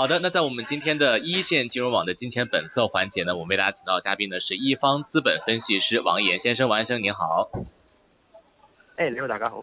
好的，那在我們今天的一線金融網的金錢本色環節呢，我們為大家請到的嘉賓呢是一方資本分析師王逸研先生，王先生您好。哎，兩位大家好。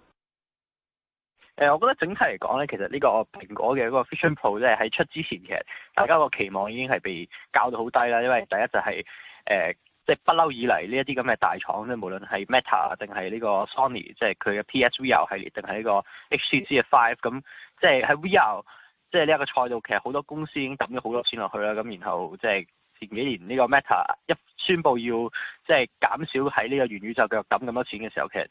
誒、呃，我覺得整體嚟講咧，其實呢個蘋果嘅一個 Vision Pro 即咧喺出之前，其實大家個期望已經係被較到好低啦。因為第一就係、是、誒，即係不嬲以嚟呢一啲咁嘅大廠咧，無論係 Meta 定係呢個 Sony，即係佢嘅 PSVR 系列，定係呢個 HTC 嘅 Five，咁即係喺 VR 即係呢一個賽道，其實好多公司已經抌咗好多錢落去啦。咁然後即係前幾年呢個 Meta 一宣布要即係減少喺呢個元宇宙繼續抌咁多錢嘅時候，其實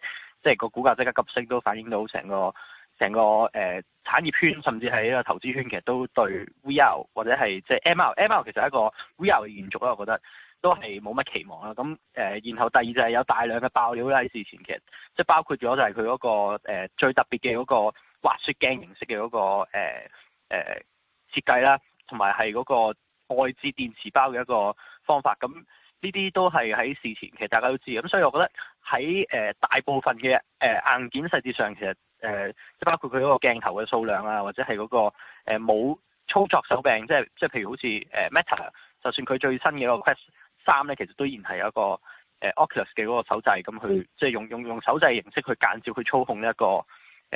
即係個股價即刻急升，都反映到成個。成個誒、呃、產業圈，甚至係呢個投資圈，其實都對 VR 或者係即係 MR，MR 其實係一個 VR 嘅延續啦，我覺得都係冇乜期望啦。咁誒、呃，然後第二就係有大量嘅爆料啦，喺事前其實即係包括咗就係佢嗰個、呃、最特別嘅嗰個滑雪鏡形式嘅嗰、那個誒誒、呃呃、設計啦，同埋係嗰個外置電池包嘅一個方法。咁呢啲都係喺事前，其實大家都知。咁所以我覺得喺誒、呃、大部分嘅誒、呃、硬件細節上，其實誒，即包括佢嗰個鏡頭嘅數量啊，或者係嗰個冇操作手柄，即係即係譬如好似誒 Meta，就算佢最新嘅個 Quest 三咧，其實都依然係有一個誒 Oculus 嘅嗰個手掣咁去，即係、嗯、用用用手掣形式去間接去操控呢一個誒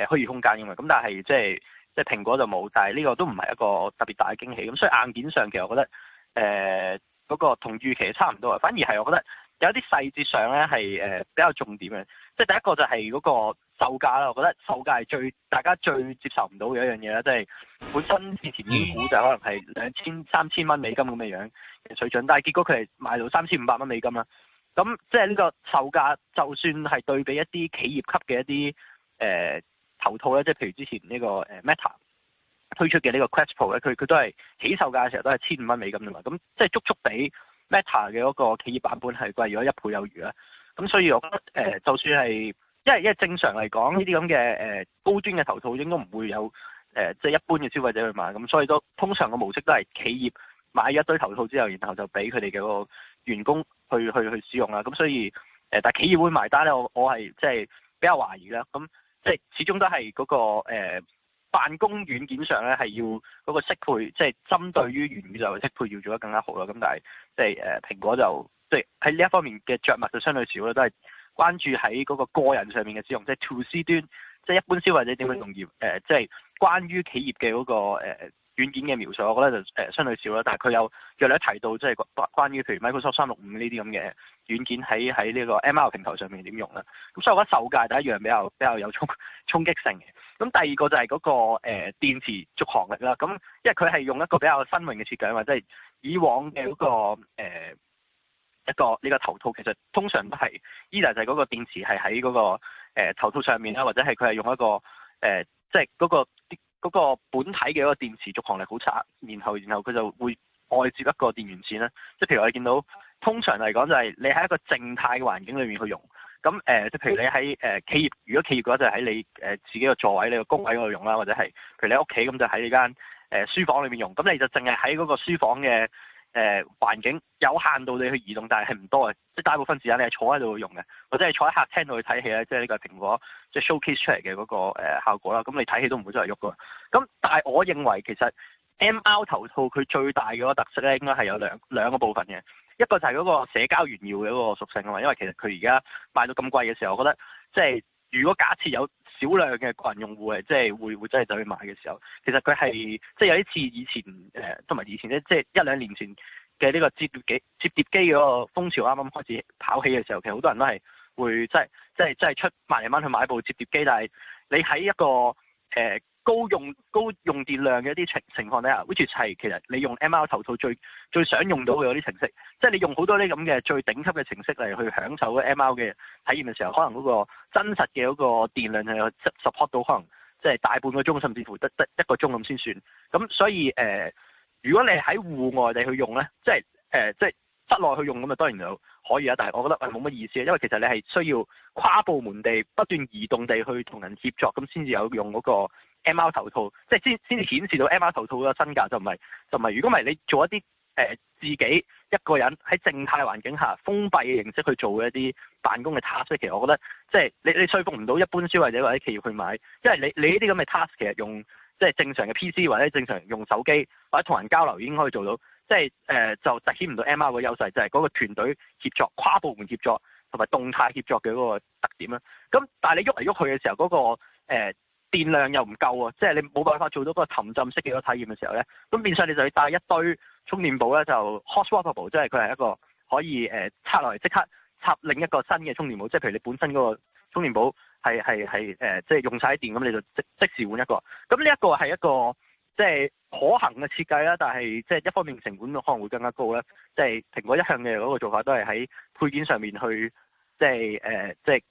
虛擬空間因為。咁但係即係即係蘋果就冇，但係呢個都唔係一個特別大嘅驚喜。咁所以硬件上其實我覺得誒嗰、呃那個同預期差唔多啊。反而係我覺得有啲細節上咧，係誒比較重點嘅，即係第一個就係嗰、那個。售價啦，我覺得售價係最大家最接受唔到嘅一樣嘢啦，即係本身之前已經估就可能係兩千三千蚊美金咁嘅樣嘅水準，但係結果佢係賣到三千五百蚊美金啦。咁即係呢個售價，就算係對比一啲企業級嘅一啲誒、呃、頭套咧，即係譬如之前呢、這個誒、呃、Meta 推出嘅呢個 Quest Pro 咧，佢佢都係起售價嘅時候都係千五蚊美金同埋，咁即係足足比 Meta 嘅嗰個企業版本係貴咗一倍有餘啦。咁所以我覺得誒、呃，就算係。因為因為正常嚟講，呢啲咁嘅誒高端嘅頭套應該唔會有誒即係一般嘅消費者去買，咁所以都通常嘅模式都係企業買一堆頭套之後，然後就俾佢哋嘅個員工去去去使用啦。咁所以誒、呃，但係企業會埋單咧，我我係即係比較懷疑啦。咁即係始終都係嗰、那個誒、呃、辦公軟件上咧，係要嗰個適配，即、就、係、是、針對於語言就適配要做得更加好啦。咁但係即係誒蘋果就即係喺呢一方面嘅着墨就相對少啦，都係。關注喺嗰個個人上面嘅使用，即係 to C 端，即係一般消費者點去用業，誒、mm hmm. 呃，即係關於企業嘅嗰、那個誒、呃、軟件嘅描述，我覺得就誒、呃、相對少啦。但係佢有約略提到，即係關關於譬如 Microsoft 三六五呢啲咁嘅軟件喺喺呢個 AI 平台上面點用啦。咁所以我覺得售價第一樣比較比較有衝衝擊性嘅。咁第二個就係嗰、那個誒、呃、電池續航力啦。咁因為佢係用一個比較新穎嘅設計嘛，或即係以往嘅嗰、那個、mm hmm. 呃一個呢、呢個頭套其實通常都係，依就係嗰個電池係喺嗰個誒、呃、頭套上面啦，或者係佢係用一個誒，即係嗰個本體嘅一個電池續航力好差，然後然後佢就會外接一個電源線啦。即係譬如我哋見到，通常嚟講就係你喺一個靜態嘅環境裏面去用，咁誒、呃、即係譬如你喺誒、呃、企業，如果企業嘅話就喺你誒、呃、自己嘅座位、你個工位嗰度用啦，或者係譬如你屋企咁就喺間誒書房裏面用，咁你就淨係喺嗰個書房嘅。誒、呃、環境有限度你去移動，但係係唔多嘅，即係大部分時間你係坐喺度用嘅，或者係坐喺客廳度去睇戲咧，即係呢個是蘋果即係 showcase 出嚟嘅嗰個、呃、效果啦。咁你睇戲都唔會出嚟喐嘅。咁但係我認為其實 MR 頭套佢最大嘅個特色咧，應該係有兩兩個部分嘅，一個就係嗰個社交炫耀嘅嗰個屬性啊嘛，因為其實佢而家賣到咁貴嘅時候，我覺得即係如果假設有。少量嘅個人用戶係即係會會真係走去買嘅時候，其實佢係即係有啲似以前誒，呃，都唔係以前咧，即係一兩年前嘅呢個折疊機折疊機嗰個風潮啱啱開始跑起嘅時候，其實好多人都係會即係即係即係出萬零蚊去買一部折疊機，但係你喺一個誒。呃高用高用電量嘅一啲情情況底下 w h i 其實你用 M R 頭套最最想用到嘅嗰啲程式，即係你用好多呢啲咁嘅最頂級嘅程式嚟去享受嗰 M R 嘅體驗嘅時候，可能嗰個真實嘅嗰個電量係 support 到可能即係大半個鐘，甚至乎得得一個鐘咁先算。咁所以誒、呃，如果你喺戶外地去用呢，即係誒、呃、即係室內去用咁啊，當然就可以啦。但係我覺得係冇乜意思，因為其實你係需要跨部門地不斷移動地去同人協作，咁先至有用嗰、那個。M R 頭套，即係先先至顯示到 M R 頭套嘅身格，就唔係就唔係，如果唔係你做一啲誒、呃、自己一個人喺靜態環境下封閉嘅形式去做一啲辦公嘅 task，其實我覺得即係你你説服唔到一般消費者或者企業去買，因為你你呢啲咁嘅 task 其實用即係正常嘅 P C 或者正常用手機或者同人交流已經可以做到，即係誒、呃、就突顯唔到 M R 嘅優勢，就係、是、嗰個團隊協作、跨部門協作同埋動態協作嘅嗰個特點啦。咁但係你喐嚟喐去嘅時候，嗰、那個、呃電量又唔夠喎，即係你冇辦法做到嗰個沉浸式嘅個體驗嘅時候咧，咁變相你就要帶一堆充電寶咧，就 Hot Swappable 即係佢係一個可以誒、呃、插落嚟即刻插另一個新嘅充電寶，即係譬如你本身嗰個充電寶係係係誒，即係用晒啲電咁，你就即即時換一個。咁呢一個係一個即係可行嘅設計啦，但係即係一方面成本可能會更加高咧。即係蘋果一向嘅嗰個做法都係喺配件上面去，即係誒、呃，即係。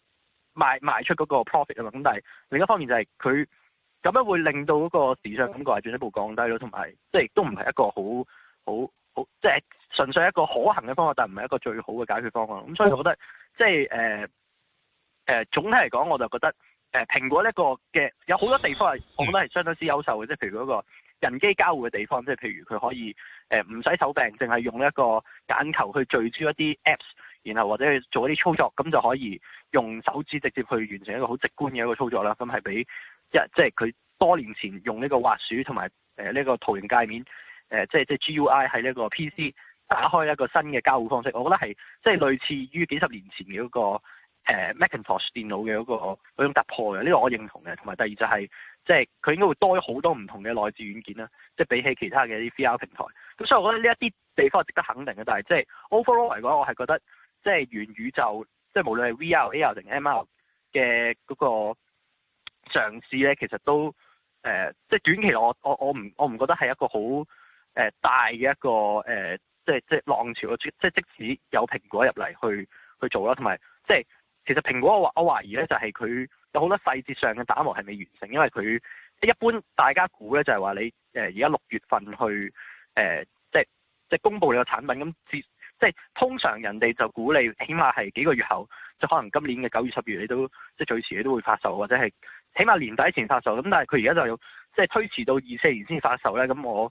賣賣出嗰個 profit 啊嘛，咁但係另一方面就係佢咁樣會令到嗰個市場感覺係進一步降低咯，同埋即係都唔係一個好好好即係純粹一個可行嘅方法，但唔係一個最好嘅解決方案。咁所以我覺得即係誒誒總體嚟講，我就覺得誒、呃、蘋果呢個嘅有好多地方係我覺得係相當之優秀嘅，即係譬如嗰個人機交互嘅地方，即係譬如佢可以誒唔使手柄，淨係用一個眼球去聚焦一啲 apps。然後或者去做一啲操作，咁就可以用手指直接去完成一個好直觀嘅一個操作啦。咁係俾一即係佢多年前用呢個滑鼠同埋誒呢個圖形界面誒、呃，即係即係 G U I 喺呢個 P C 打開一個新嘅交互方式。我覺得係即係類似於幾十年前嘅嗰、那個、呃、Macintosh 電腦嘅嗰個嗰種突破嘅，呢、這個我認同嘅。同埋第二就係、是、即係佢應該會多好多唔同嘅內置軟件啦，即係比起其他嘅 V R 平台。咁所以我覺得呢一啲地方係值得肯定嘅，但係即係 overall 嚟講，我係覺得。即係元宇宙，即係無論係 VR、AR 定 MR 嘅嗰個嘗試咧，其實都誒、呃，即係短期我我我唔我唔覺得係一個好誒大嘅一個誒、呃，即係即係浪潮嘅，即即即使有蘋果入嚟去去做啦，同埋即係其實蘋果我我懷疑咧，就係、是、佢有好多細節上嘅打磨係未完成，因為佢一般大家估咧就係、是、話你誒而家六月份去誒、呃、即係即係公佈你個產品咁即係通常人哋就鼓勵，起碼係幾個月後，即可能今年嘅九月、十月你都即係最遲你都會發售，或者係起碼年底前發售。咁但係佢而家就要即係推遲到二四年先發售咧。咁我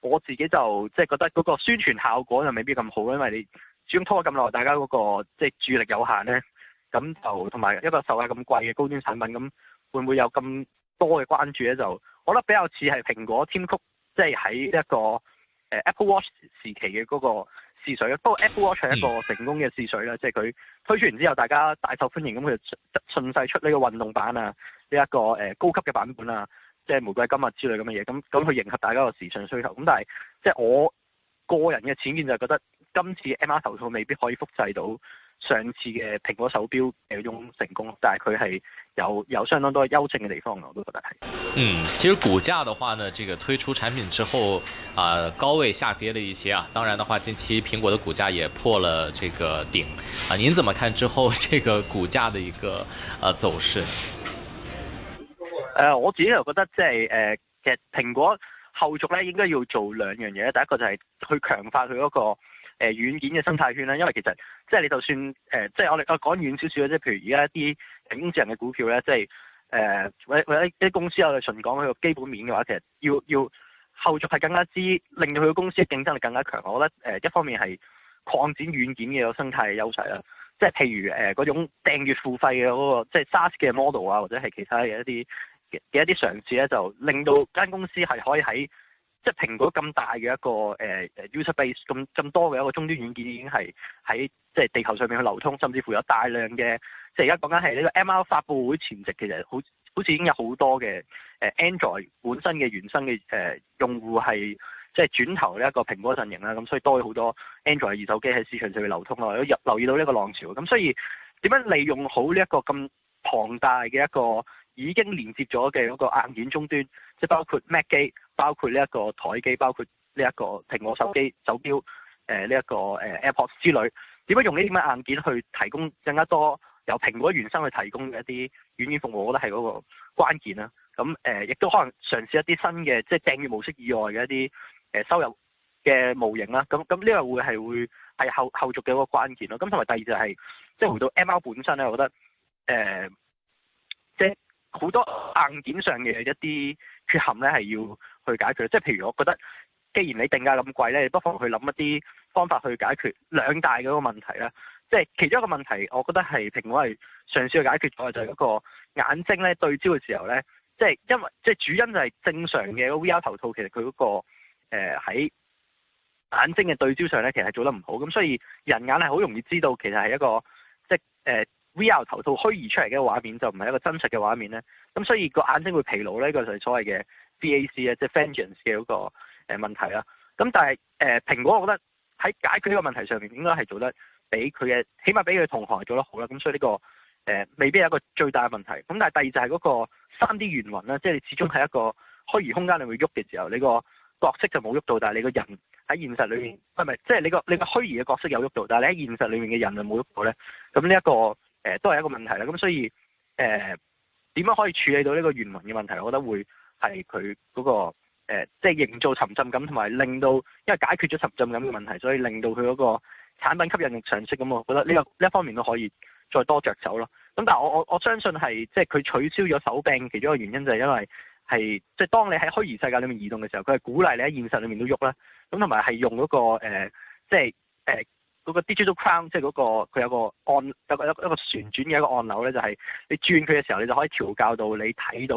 我自己就即係覺得嗰個宣傳效果就未必咁好，因為你始終拖咗咁耐，大家嗰、那個即係、就是、注力有限咧。咁就同埋一個售價咁貴嘅高端產品，咁會唔會有咁多嘅關注咧？就我覺得比較似係蘋果添曲，即係喺一個誒 Apple Watch 時期嘅嗰、那個。試水咯，不過 Apple Watch 係一個成功嘅試水啦，即係佢推出完之後，大家大受歡迎咁，佢就順勢出呢個運動版啊，呢、這、一個誒、呃、高級嘅版本啊，即係玫瑰金啊之類咁嘅嘢，咁咁去迎合大家個時尚需求。咁但係即係我個人嘅淺見就係覺得，今次 MR 頭套未必可以複製到。上次嘅蘋果手錶嘅嗰種成功，但係佢係有有相當多優勝嘅地方，我都覺得係。嗯，其實股價的話呢，這個推出產品之後啊，高位下跌了一些啊。當然的話，近期蘋果嘅股價也破了這個頂啊。您怎麼看之後這個股價嘅一個呃、啊、走勢？誒、呃，我自己又覺得即係誒，其實蘋果後續咧應該要做兩樣嘢，第一個就係去強化佢嗰個。誒、呃、軟件嘅生態圈啦，因為其實即係你就算誒、呃，即係我哋我講遠少少即啫，譬如而家一啲人工智能嘅股票咧，即係誒，或者、呃、或者一啲公司我哋純講佢個基本面嘅話，其實要要後續係更加之令到佢嘅公司嘅競爭力更加強。我覺得誒、呃、一方面係擴展軟件嘅個生態優勢啦，即係譬如誒嗰、呃、種訂閱付費嘅嗰、那個即係 SaaS 嘅 model 啊，或者係其他嘅一啲嘅一啲嘗試咧，就令到間公司係可以喺。即係蘋果咁大嘅一個誒誒、uh, user base 咁咁多嘅一個終端軟件已經係喺即係地球上面去流通，甚至乎有大量嘅即係而家講緊係呢個 MR 發布會前夕，其實好好似已經有好多嘅誒、uh, Android 本身嘅原生嘅誒、uh, 用戶係即係轉投呢一個蘋果陣營啦，咁所以多咗好多 Android 二手機喺市場上面流通咯，我都有留意到呢一個浪潮，咁所以點樣利用好呢一個咁龐大嘅一個已經連接咗嘅嗰個硬件終端，即包括 Mac 機，包括呢一個台機，包括呢一個蘋果手機、手錶，誒呢一個誒 Apple 之類，點樣用呢啲咁嘅硬件去提供更加多由蘋果原生去提供嘅一啲軟件服務，我覺得係嗰個關鍵啦。咁、啊、誒、呃，亦都可能嘗試一啲新嘅，即係訂閱模式以外嘅一啲、呃、收入嘅模型啦。咁咁呢個會係會係後後續嘅一個關鍵咯。咁同埋第二就係、是，即係、嗯、回到 ML 本身咧，我覺得誒。呃好多硬件上嘅一啲缺陷咧，係要去解決。即係譬如，我覺得既然你定價咁貴咧，你不妨去諗一啲方法去解決兩大嘅一個問題咧。即係其中一個問題，我覺得係蘋果係嘗試去解決咗就係、是、嗰個眼睛咧對焦嘅時候咧，即係因為即係主因就係正常嘅個 VR 頭套其實佢嗰、那個誒喺、呃、眼睛嘅對焦上咧，其實係做得唔好。咁所以人眼係好容易知道其實係一個即係誒。呃 VR 頭套虛擬出嚟嘅畫面就唔係一個真實嘅畫面呢，咁所以個眼睛會疲勞呢、這個就係所謂嘅 VAC 咧，即係 vergence 嘅嗰個誒問題啦、啊。咁但係誒、呃、蘋果，我覺得喺解決呢個問題上面，應該係做得比佢嘅，起碼比佢同行做得好啦。咁所以呢、這個誒、呃、未必係一個最大嘅問題。咁但係第二就係嗰個三 D 眩暈啦，即、就、係、是、你始終係一個虛擬空間你會喐嘅時候，你個角色就冇喐到，但係你個人喺現實裏面，唔係即係你個你個虛擬嘅角色有喐到，但係你喺現實裏面嘅人就冇喐到咧。咁呢一個。誒、呃、都係一個問題啦，咁、嗯、所以誒點、呃、樣可以處理到呢個原文嘅問題，我覺得會係佢嗰個、呃、即係營造沉浸感，同埋令到因為解決咗沉浸感嘅問題，所以令到佢嗰個產品吸引力上升咁，我覺得呢、這個呢一、這個、方面都可以再多着手咯。咁、嗯、但係我我我相信係即係佢取消咗手柄其中一個原因就係因為係即係當你喺虛擬世界裡面移動嘅時候，佢係鼓勵你喺現實裡面都喐啦。咁同埋係用嗰個、呃、即係誒。呃嗰個 digital crown，即係嗰、那個佢有一個按，有個一個旋轉嘅一個按鈕呢就係、是、你轉佢嘅時候，你就可以調校到你睇到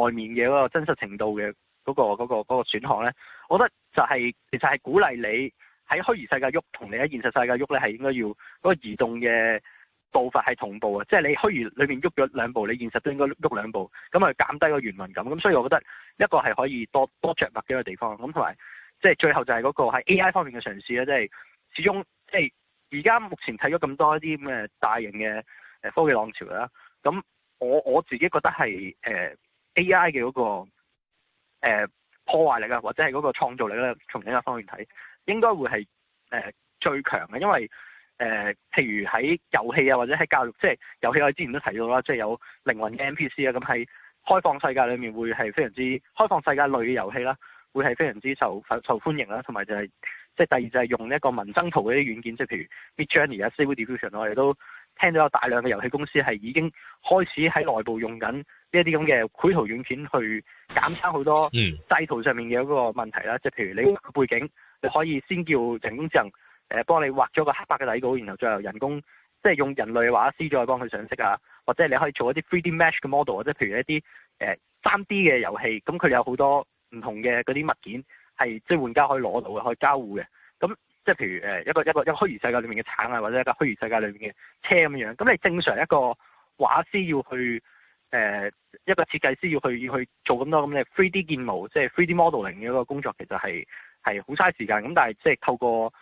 外面嘅嗰個真實程度嘅嗰、那個嗰、那個嗰、那個選項呢，我覺得就係、是、其實係鼓勵你喺虛擬世界喐同你喺現實世界喐呢，係應該要嗰、那個移動嘅步伐係同步啊。即、就、係、是、你虛擬裏面喐咗兩步，你現實都應該喐兩步，咁啊減低個眩暈感。咁所以我覺得一個係可以多多着墨嘅一個地方。咁同埋即係最後就係嗰、那個喺 AI 方面嘅嘗試即、就是、始終即係而家目前睇咗咁多一啲咩大型嘅誒科技浪潮啦，咁我我自己覺得係誒 A I 嘅嗰個、呃、破壞力啊，或者係嗰個創造力咧，從另一方面睇，應該會係誒、呃、最強嘅，因為誒、呃、譬如喺遊戲啊，或者喺教育，即係遊戲我哋之前都提到啦，即係有靈魂嘅 M P C 啊，咁喺開放世界裡面會係非常之開放世界類嘅遊戲啦、啊，會係非常之受受歡迎啦、啊，同埋就係、是。即係第二就係用一個文生圖嗰啲軟件，即係譬如 Midjourney 啊、Stable Diffusion，我哋都聽到有大量嘅遊戲公司係已經開始喺內部用緊呢一啲咁嘅繪圖軟件去減輕好多製圖上面嘅一個問題啦。即係、嗯、譬如你畫背景，你可以先叫人工智能誒幫你畫咗個黑白嘅底稿，然後再由人工即係用人類嘅畫師再幫佢上色啊。或者你可以做一啲 3D mesh 嘅 model，即係譬如一啲誒三 D 嘅遊戲，咁佢有好多唔同嘅嗰啲物件。係即係玩家可以攞到嘅，可以交互嘅。咁即係譬如誒一個一個一個虛擬世界裏面嘅橙啊，或者一個虛擬世界裏面嘅車咁樣。咁你正常一個畫師要去誒、呃、一個設計師要去要去做咁多咁嘅 three D 建模，即係 three D modeling 嘅一個工作，其實係係好嘥時間。咁但係即係透過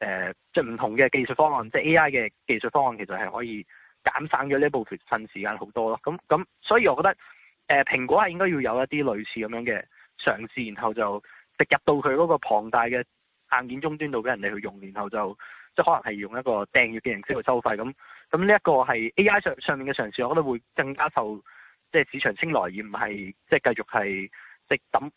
誒即係唔同嘅技術方案，即係 A I 嘅技術方案，其實係可以減省咗呢一部分時間好多咯。咁咁所以我覺得誒、呃、蘋果係應該要有一啲類似咁樣嘅嘗試，然後就，入到佢嗰個龐大嘅硬件終端度俾人哋去用，然後就即係可能係用一個訂閱嘅形式去收費咁。咁呢一個係 AI 上上面嘅嘗試，我覺得會更加受即係市場青睞，而唔係即係繼續係即係抌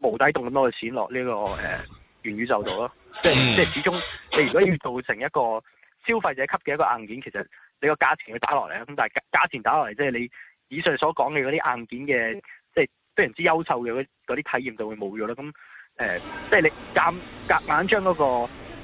無底洞咁多嘅錢落呢、這個誒、呃、元宇宙度咯。即係即係始終你如果要做成一個消費者級嘅一個硬件，其實你個價錢會打落嚟。咁但係價，價錢打落嚟，即係你以上所講嘅嗰啲硬件嘅即係非常之優秀嘅嗰啲體驗就會冇咗啦。咁即係、呃、你夾夾硬將嗰個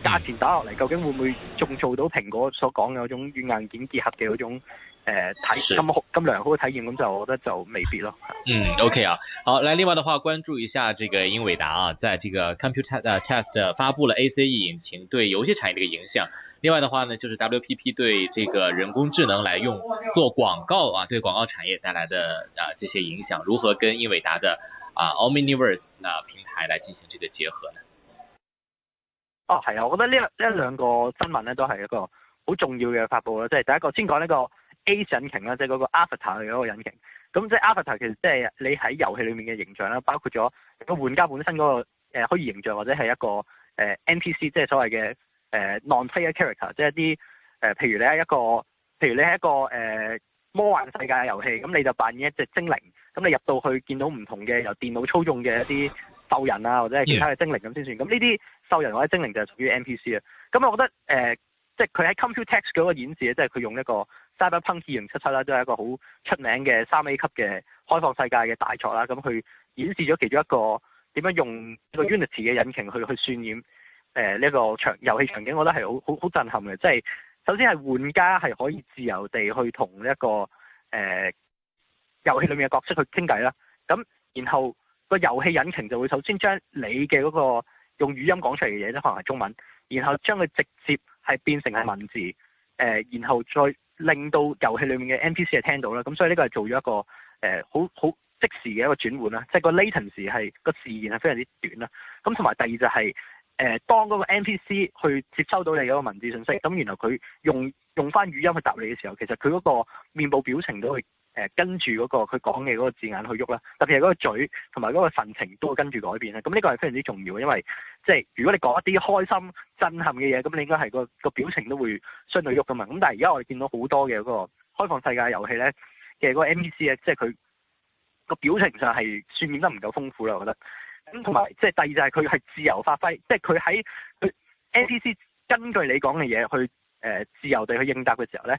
價錢打落嚟，究竟會唔會仲做到蘋果所講嘅嗰種軟硬件結合嘅嗰種誒、呃、體驗？咁好咁，咁良好嘅體驗，咁就我覺得就未必咯。嗯，OK 啊，好，嚟另外的話，關注一下這個英偉達啊，在這個 Computer Test 發佈了 ACE 引擎對遊戲產業嘅一個影響。另外的話呢，就是 WPP 對這個人工智能來用做廣告啊，對廣告產業帶來的啊這些影響，如何跟英偉達的？啊，Omniverse 那平台嚟進行呢個結合呢？哦，係啊，我覺得呢呢兩個新聞咧都係一個好重要嘅發布啦。即係第一個，先講呢個 AI 引擎啦，即係嗰個 Avatar 嘅嗰個引擎。咁即係 Avatar 其實即係你喺遊戲裏面嘅形象啦，包括咗個玩家本身嗰個誒虛擬形象，或者係一個誒、呃、NPC，即係所謂嘅誒、呃、non-player character，即係一啲誒、呃、譬如你係一個，譬如你係一個誒。呃魔幻世界嘅遊戲，咁你就扮演一隻精靈，咁你入到去見到唔同嘅由電腦操控嘅一啲獸人啊，或者係其他嘅精靈咁先算。咁呢啲獸人或者精靈就係屬於 NPC 啊。咁我覺得誒、呃，即係佢喺《Computex》嗰個演示，即係佢用一個 Cyberpunk 2077啦，都係一個好出名嘅三 A 級嘅開放世界嘅大作啦。咁佢演示咗其中一個點樣用個 Unity 嘅引擎去去渲染誒呢一個場遊戲場景，我覺得係好好好震撼嘅，即係。首先係玩家係可以自由地去同一個誒、呃、遊戲裡面嘅角色去傾偈啦，咁然後個遊戲引擎就會首先將你嘅嗰個用語音講出嚟嘅嘢咧，可能係中文，然後將佢直接係變成係文字，誒、呃，然後再令到遊戲裡面嘅 NPC 係聽到啦，咁所以呢個係做咗一個誒好好即時嘅一個轉換啦，即、就、係、是、個 latency 係、那個時延係非常之短啦，咁同埋第二就係、是。誒、呃，當嗰個 NPC 去接收到你嗰個文字信息，咁然後佢用用翻語音去答你嘅時候，其實佢嗰個面部表情都會誒、呃、跟住嗰個佢講嘅嗰個字眼去喐啦，特別係嗰個嘴同埋嗰個神情都會跟住改變啦。咁呢個係非常之重要嘅，因為即、就、係、是、如果你講一啲開心、震撼嘅嘢，咁你應該係、嗰個、嗰個表情都會相對喐噶嘛。咁但係而家我哋見到好多嘅嗰個開放世界遊戲咧，其實嗰個 NPC 咧，即係佢個表情上係算變得唔夠豐富啦，我覺得。咁同埋，即係第二就係佢係自由發揮，即係佢喺佢 NPC 根據你講嘅嘢去、呃、自由地去應答嘅時候咧，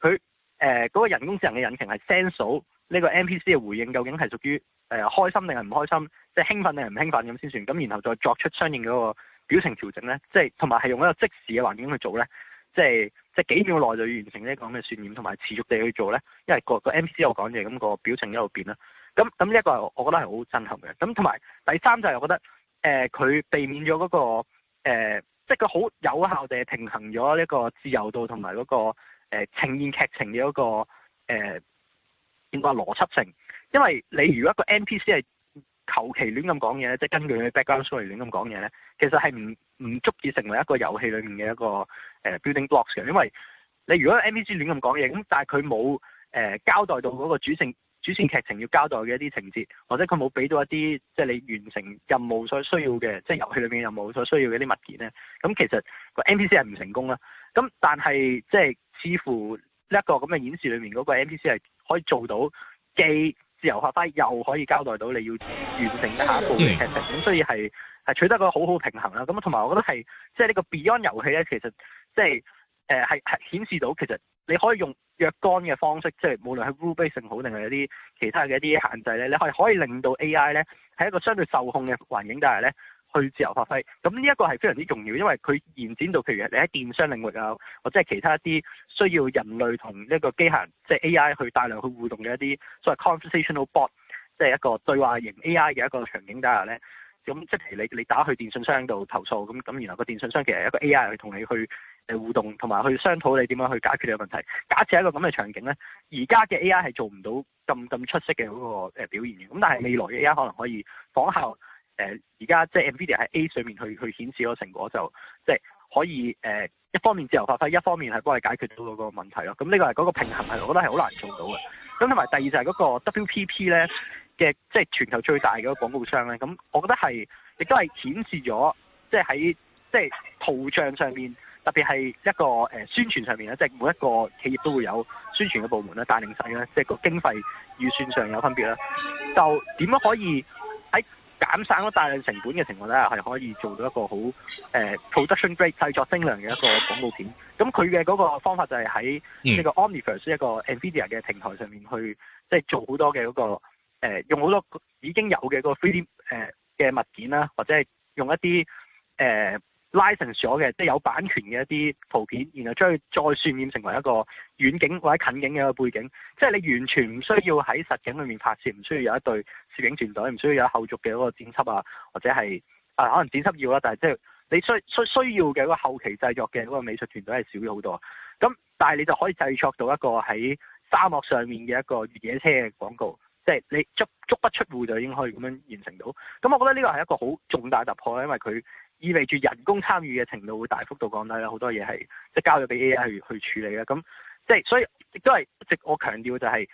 佢嗰、呃嗰個人工智能嘅引擎係 sent 數呢個 NPC 嘅回應究竟係屬於誒、呃、開心定係唔開心，即係興奮定係唔興奮咁先算，咁然後再作出相應嗰個表情調整咧，即係同埋係用一個即時嘅環境去做咧，即係即係幾秒內就要完成呢一個咁嘅渲染，同埋持續地去做咧，因為個個 NPC 又講嘢，咁、個表情一路變啦。咁咁呢一個我覺得係好震撼嘅，咁同埋第三就係我覺得，誒、呃、佢避免咗嗰、那個即係佢好有效地平衡咗呢個自由度同埋嗰個、呃、呈現劇情嘅嗰個誒，點講啊，邏輯性。因為你如果一個 NPC 係求其亂咁講嘢咧，即、就、係、是、根據 background story 亂咁講嘢咧，其實係唔唔足以成為一個遊戲裏面嘅一個、呃、building blocks 嘅。因為你如果 NPC 亂咁講嘢，咁但係佢冇交代到嗰個主線。主線劇情要交代嘅一啲情節，或者佢冇俾到一啲即係你完成任務所需要嘅，即係遊戲裏面任務所需要嘅一啲物件咧。咁其實個 NPC 係唔成功啦。咁但係即係似乎呢一個咁嘅演示裏面嗰個 NPC 係可以做到既自由發揮，又可以交代到你要完成下一步嘅劇情。咁所以係取得個好好平衡啦。咁同埋我覺得係即係呢個 Beyond 遊戲咧，其實即係。誒係係顯示到，其實你可以用若干嘅方式，即係無論係 rule-based 好定係一啲其他嘅一啲限制咧，你可以可以令到 AI 咧喺一個相對受控嘅環境底下咧，去自由發揮。咁呢一個係非常之重要，因為佢延展到譬如你喺電商領域啊，或者係其他一啲需要人類同一個機械人，即係 AI 去大量去互動嘅一啲所謂 conversational bot，即係一個對話型 AI 嘅一個場景底下咧，咁即係你你打去電信商度投訴，咁咁然後個電信商其實係一個 AI 去同你去。誒互動同埋去商討你點樣去解決你嘅問題。假設係一個咁嘅場景呢，而家嘅 A.I. 係做唔到咁咁出色嘅嗰個誒表現嘅。咁但係未來嘅 A.I. 可能可以仿效誒而家即係 NVIDIA 喺 A 上面去去顯示個成果，就即係可以誒一方面自由發揮，一方面係幫你解決到嗰個問題咯。咁呢個係嗰個平衡係我覺得係好難做到嘅。咁同埋第二就係嗰個 WPP 呢嘅，即係全球最大嘅廣告商呢，咁我覺得係亦都係顯示咗，即係喺即係圖像上面。特別係一個誒、呃、宣傳上面咧，即、就、係、是、每一個企業都會有宣傳嘅部門咧，帶領曬咧，即、就、係、是、個經費預算上有分別啦。就點樣可以喺減省咗大量成本嘅情況底下，係可以做到一個好誒、呃、production grade 製作精良嘅一個廣告片？咁佢嘅嗰個方法就係喺呢個 Omniverse 一個 Nvidia 嘅平台上面去，即、就、係、是、做好多嘅嗰、那個、呃、用好多已經有嘅嗰個 3D 誒、呃、嘅物件啦，或者係用一啲誒、呃 License 咗嘅，即係有版權嘅一啲圖片，然後將佢再渲染成為一個遠景或者近景嘅一個背景，即係你完全唔需要喺實景裏面拍攝，唔需要有一對攝影團隊，唔需要有後續嘅嗰個剪輯啊，或者係啊可能剪輯要啦，但係即係你需需需要嘅嗰個後期製作嘅嗰個美術團隊係少咗好多，咁但係你就可以製作到一個喺沙漠上面嘅一個越野車嘅廣告，即係你足足不出戶就已經可以咁樣完成到，咁我覺得呢個係一個好重大突破，因為佢。意味住人工參與嘅程度會大幅度降低啦，好多嘢係即係交咗俾 A.I. 去去處理啦。咁即係所以亦都係一直我強調就係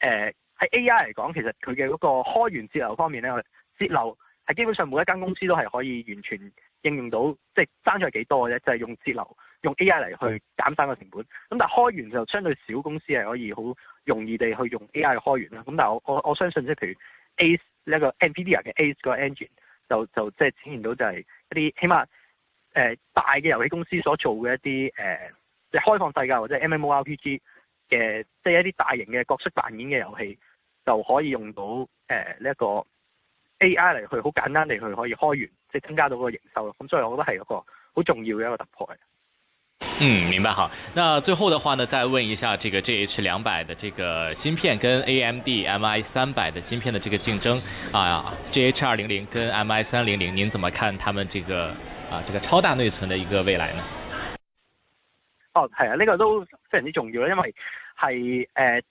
誒喺 A.I. 嚟講，其實佢嘅嗰個開源節流方面咧，節流係基本上每一間公司都係可以完全應用到，即係爭咗幾多嘅啫，就係、是、用節流用 A.I. 嚟去減返個成本。咁但係開源就相對小公司係可以好容易地去用 A.I. 去開源啦。咁但係我我我相信即係譬如 ACE 呢一個 NVIDIA 嘅 ACE 個 engine 就就即係展現到就係、是。一啲起碼誒大嘅遊戲公司所做嘅一啲誒即係開放世界或者 MMORPG 嘅即係一啲大型嘅角色扮演嘅遊戲，就可以用到誒呢一個 AI 嚟去好簡單地去可以開源，即係增加到嗰個營收咯。咁所以我覺得係一個好重要嘅一個突破嚟。嗯，明白好。那最後的話呢，再問一下這個 G H 兩百的這個芯片跟 A M D M I 三百的芯片的這個競爭啊，G H 二零零跟 M I 三零零，您怎麼看他們這個啊，這個超大內存的一個未來呢？哦，係啊，呢、這個都非常之重要因為係誒、呃、第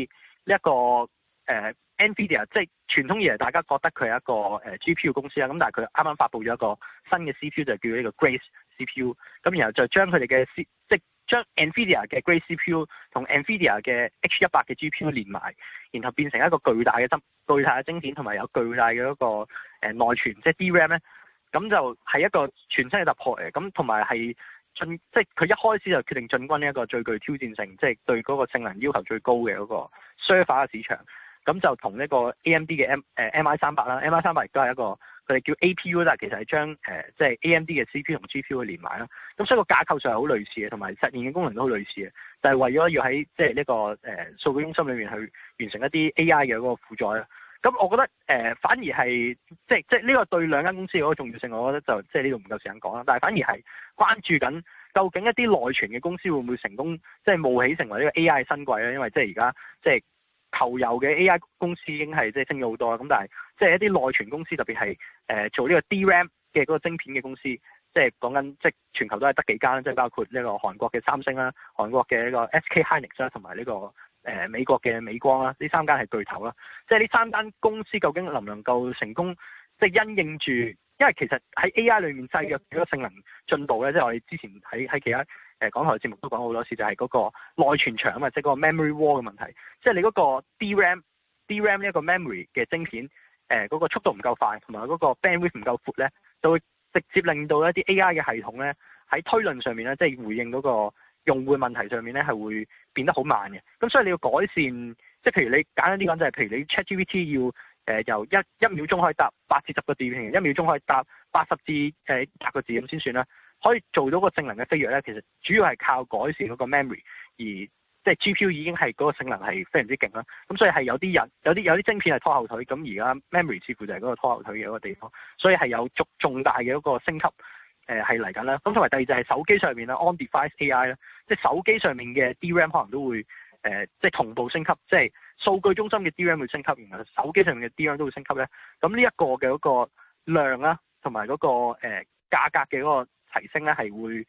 一次呢、這、一個誒、呃、N V I D I A 即係傳統以嚟大家覺得佢係一個誒、呃、G P U 公司啊。咁但係佢啱啱發布咗一個新嘅 C P U 就叫做呢個 Grace。C P U，咁然後就將佢哋嘅 C，即係將 NVIDIA 嘅 Grace C P U 同 NVIDIA 嘅 H 一百嘅 G P U 連埋，然後變成一個巨大嘅增，巨大嘅晶片同埋有巨大嘅嗰個誒內存，即係 D R A M 咧，咁就係一個全新嘅突破嚟，咁同埋係進，即係佢一開始就決定進軍呢一個最具挑戰性，即係對嗰個性能要求最高嘅嗰個 server 嘅市場，咁就同呢個 A M D 嘅 M 誒 M I 三百啦，M I 三百亦都係一個 M,、呃。MI 300, MI 300。佢哋叫 A.P.U. 但其實係將誒即係 A.M.D. 嘅 C.P.U. 同 G.P.U. 去連埋啦，咁所以個架構上係好類似嘅，同埋實現嘅功能都好類似嘅，就係、是、為咗要喺即係呢個誒數據中心裏面去完成一啲 A.I. 嘅嗰個負載啦。咁我覺得誒、呃、反而係即係即係呢個對兩間公司嗰個重要性，我覺得就即係呢度唔夠時間講啦。但係反而係關注緊究竟一啲內存嘅公司會唔會成功即係、就是、冒起成為呢個 A.I. 新貴咧？因為即係而家即係。就是求油嘅 AI 公司已經係即係升咗好多啦，咁但係即係一啲內存公司，特別係誒做呢個 DRAM 嘅嗰個晶片嘅公司，即係講緊即係全球都係得幾間，即係包括呢個韓國嘅三星啦、韓國嘅呢個 SK Hynix 啦、同埋呢個誒美國嘅美光啦，呢三間係巨頭啦。即係呢三間公司究竟能唔能夠成功，即係因應住，因為其實喺 AI 裡面制約嘅個性能進度咧，即係我哋之前喺喺其他講台嘅節目都講好多次，就係嗰個內存牆，啊嘛，即係個 memory wall 嘅問題，即係你嗰個 DRAM、DRAM 呢一個 memory 嘅晶片，誒嗰個速度唔夠快，同埋嗰個 bandwidth 唔夠闊咧，就會直接令到一啲 AI 嘅系統咧喺推論上面咧，即係回應嗰個用戶問題上面咧，係會變得好慢嘅。咁所以你要改善，即係譬如你簡單啲講就係，譬如你 ChatGPT 要誒由一一秒鐘可以答八至十個字，一秒鐘可以答八十至誒百個字咁先算啦。可以做到個性能嘅飛躍呢，其實主要係靠改善嗰個 memory，而即係 GPU 已經係嗰個性能係非常之勁啦。咁所以係有啲人有啲有啲晶片係拖後腿，咁而家 memory 似乎就係嗰個拖後腿嘅一個地方，所以係有重大嘅一個升級，誒係嚟緊啦。咁同埋第二就係手機上面啦，on-device AI 啦，即係手機上面嘅 DRAM 可能都會誒即係同步升級，即係數據中心嘅 DRAM 會升級，然後手機上面嘅 DRAM 都會升級呢。咁呢一個嘅嗰個量啦，同埋嗰個誒價格嘅嗰個。提升咧係會，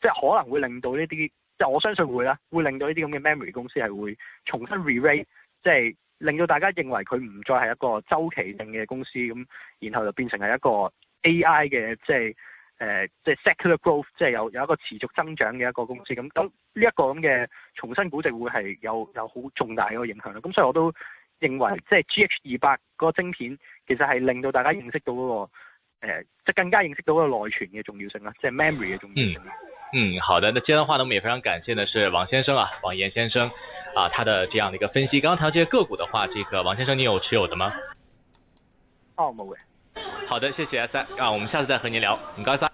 即係可能會令到呢啲，即係我相信會啦，會令到呢啲咁嘅 memory 公司係會重新 re-rate，即係令到大家認為佢唔再係一個周期性嘅公司，咁然後就變成係一個 AI 嘅，即係誒，即係 secular growth，即係有有一個持續增長嘅一個公司咁。咁呢一個咁嘅重新估值會係有有好重大嘅一個影響咯。咁所以我都認為即係 GH 二百個晶片其實係令到大家認識到嗰個。誒，即係、呃、更加認識到個內存嘅重要性啦，即、就、係、是、memory 嘅重要性。嗯，嗯，好的。那今天的話呢，呢我們也非常感謝的是王先生啊，王岩先生，啊，他的這樣的一個分析。剛剛提到啲個股的話，這個王先生你有持有的嗎？冇嘅、哦。好的，謝謝 Sir 啊，我們下次再和您聊。唔該晒。